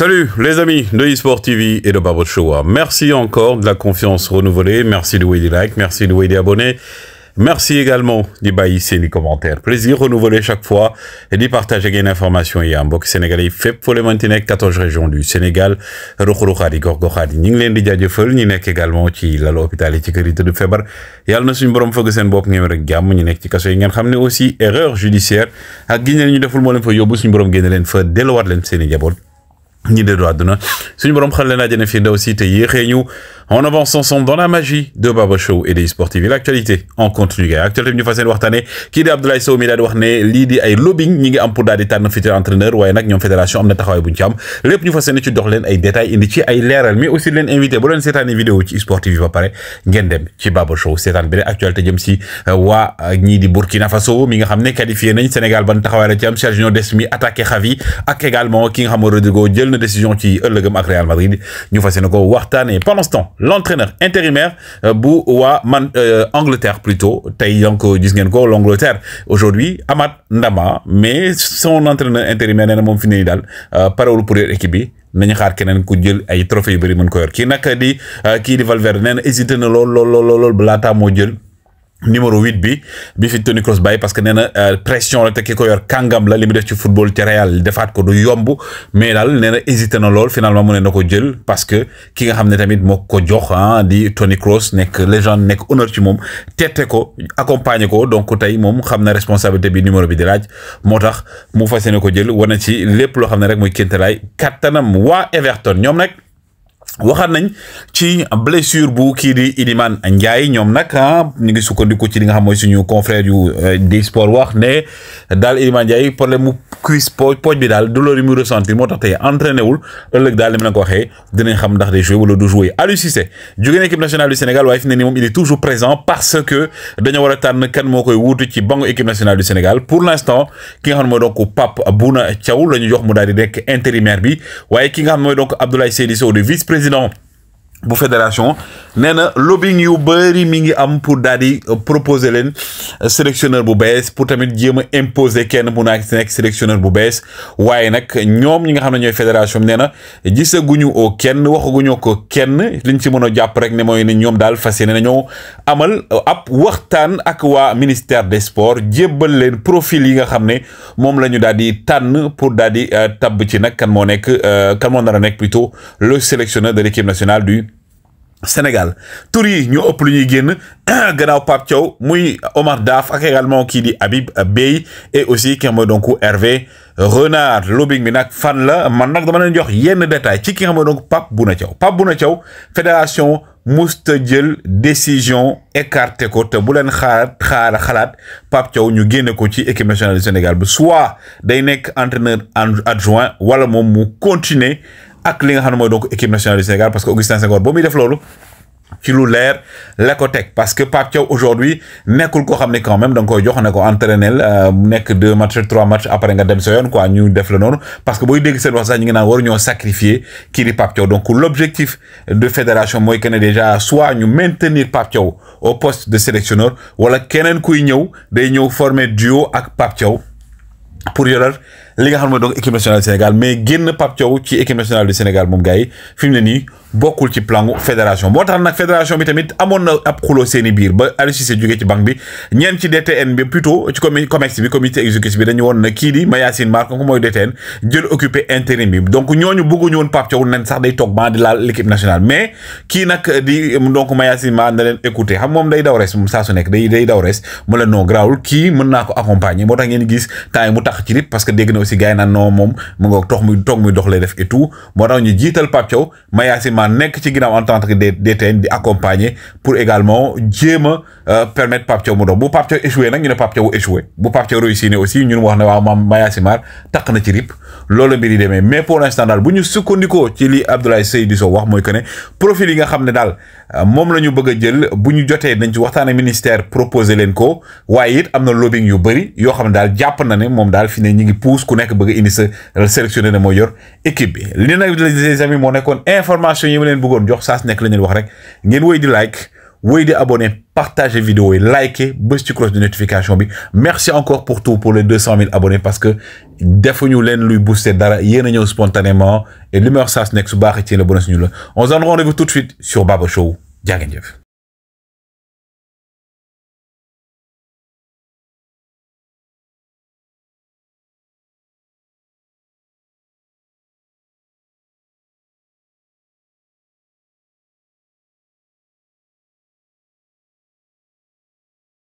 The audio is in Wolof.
Salut les amis de eSport TV et de Babo Showa. Merci encore de la confiance renouvelée. Merci de des likes, merci de des abonnés. Merci également d'y baisser les commentaires. Plaisir renouvelé chaque fois et d'y partager une information et un box sénégalais fait pour les Montenegro 14 régions du Sénégal. Rokhroukhadi, Gorgokhadi, ñi Lidia, leen di également ci lal hôpital et ci kër yi février. feebar. yàlla na suñu borom fëgg seen bopp ngeen rek jàmm ñi nekk ci kaso aussi erreur judiciaire ak génne ñu deful moo leen fa yóbbu suñu borom génne leen fa delluwaat leen ñi déddu àdduna suñu borom xel leen àjjana firdawsi te yéexee ñu on avance ensemble dans la magie de Baba Show et des sportifs et l'actualité en continu gars actualité bi ñu fas yéene waxtaanee kii di Abdoulaye Sow mi daal wax ne li di ay lobbying ñi ngi am pour daal di tànn futur entraîneur waye nak ñom fédération amna taxaway buñ bu ci am lépp ñu fas yéene ci dox leen ay détails indi ci ay leeral mais aussi leen invité bu leen sétane vidéo ci sportif yi ba paré ngeen dem ci Baba Show seetaan actualité jëm ci wa ñi di Burkina Faso mi nga xamné ne qualifié nañ Sénégal ban taxaway la ci am Sergio Desmi attaquer attaqué Xavi ak également ki nga xam Rodrigo jël une décision ci ëllëgam à Real Madrid nous faisons encore ko pendant ce temps l'entraîneur intérimaire euh, Boua euh, Angleterre plutôt tey que gis ngeen ko aujourd'hui Amad Ndama mais son entraîneur intérimaire n'est pas fini fi ne euh, pour l'équipe. bi. avons xaar keneen ku jël ay trophée yu bëri mën qui yor kii dit di di Valverde nee hésité na lool lool lool numéro 8 bi bi fi Tony Cross baye parce que néna euh, pression la te ki yor la limite du football ci Real defaat ko du yomb mais là néna na hésité na lol finalement mu ne na parce que ki nga xamné tamit moko jox ah, di Tony Cross nek légende nek honneur ci moom tette ko accompagner ko donc tay mom xam responsabilité bi numéro bi di laaj motax mu fassé yéene ko jël wane ci lepp lo xamné rek muy kéntalaay wa Everton ñom nak waxaat nañ ci blessure bu kii di Iliman Ndiaye ñoom nag ah, ñu ngi sukkandiku ci li nga xam mooy suñu confrère yu euh, di sport wax ne daal Iliman Ndiaye problème mu cuisse Pod pooj bi douleur yi muy ressentir moo tax tey entraîné wul ëllëg daal li ko waxé dinañ xam ndax day jouer wala du jouer Aliou Cissé jóge équipe nationale du Sénégal way fi mom il est toujours présent parce que dañu wara tan kan mo koy wuutu ci bangu équipe nationale du Sénégal pour l'instant, ki nga xam ne donc Pape Bouna Thiaw lañu jox mu dal di nek intérimaire bi waye ki nga xam donc Abdoulaye Seydi de vice président bu fédération nee na lobbying yu bëri mi ngi am pour daal di euh, proposer leen euh, sélectionneur bu bees pour tamit jéem a imposer kenn mu naa nekk sélectionneur bu bees waaye nag ñoom ñi nga xam ne ñooy fédération bi nee na gisaguñu oo kenn waxaguñu ko kenn liñ ci mën a jàpp rek ne mooy ne ñoom daal fas yéene amal euh, ab waxtaan ak waa ministère des sports jébbal leen profil yi nga xam ne moom la ñu daal di tànn pour daal di tabb ci nag kan moo nekk kan moo nar a nekk plutôt le sélectionneur de l'équipe nationale du Sénégal tur yi ñoo ëpp lu ñuy génn gannaaw muy Omar Daf ak également kii di Habib Bey, et aussi ki nga donc Hervé Renard lobbying bi Fanla, fan la man nag dama leen jox yenn détail ci ki nga donc Pape Bouna Thiaw Pape fédération musta décision écarté ko te bu leen xaar xaar xalaat Pape Thiaw ñu génne ko ci équipe nationale du Sénégal soit day nek entraîneur adjoint wala moom mu continuer ak li nga xam ne donc équipe nationale du Sénégal parce que Augustin Senghor ba muy def loolu ci lu leer la ko parce que Pape Thiaw aujourd'hui nekkul koo xam ne quand même da koy jox ne ko entraîner euh, mu nekk deux matchs trois matchs après nga dem sa yoon quoi ñu def la noonu parce que booy dégg seen wax sax ñu ngi naan ñoo sacrifier kii di Pape Thiaw donc l'objectif de fédération mooy que ne déjà soit ñu maintenir Pape Thiaw au poste de sélectionneur wala keneen kuy ñëw day ñëw former duo ak Pape Thiaw pour yoral li nga xam ne mooy équipe nationale du Sénégal mais génn Pape Thiaw ci équipe nationale du Sénégal moom gars yi ne nii bokkul ci planu fédération moo tax nag fédération bi tamit amoon na ab xuloo seeni biir ba Aliou Cissé ci banque bi ñeen ci DTN bi plutôt ci comi comex bi comité bi dañu woon na kii di Mayacine Mar ko mooy DTN jël occupé intérim bi donc ñooñu bëgguñu woon Pape Thiaw nen sax day toog ban di laal l'équipe nationale tax ci parce que dégg na aussi gars yi naan non moom mu nga toog muy toog muy dox lay def et tout mo taw ñu jital Pape Thiaw Mayacine nek ci ginnaaw en tant que DTN di accompagner pour également jéem euh, permettre Pape Thiaw mu dox bu Pape Thiaw échoué nag ñu ne Pape Thiaw échoué bu Pape Thiaw réussi aussi ñun wax ne waaw maam Mayacine Mar taq na ci rip loolu mbir yi demee mais pour l'instant dal bu ñu sukkandikoo ci li Abdoulaye Seydou Sow wax moy que ne profil yi nga xam dal euh, mom lañu bëgg jël bu ñu jotee dañ ci waxtane ministère proposer len ko waye it am lobbying yu bari yo xam dal japp na ne mom daal daal fi ne ñu ngi pousse ku nekk bëgg indi sa sélectionné ne moo yor équipe bi li nag les amis moo nekkoon information yi ma leen bëggoon jox saas su nekk la ñu wax rek ngeen wéy di like wéy di abonné partager vidéo yi likez bës ci cloche de notification bi merci encore pour tout pour les 200 000 abonnés parce que defuñu leen luy booster dara yéen a ñëw spontanément et li ma wax saa su nekk su baaxee ci la bonus ñu la on se donne rendez-vous tout de suite sur Baba Show jaa ngeen jëf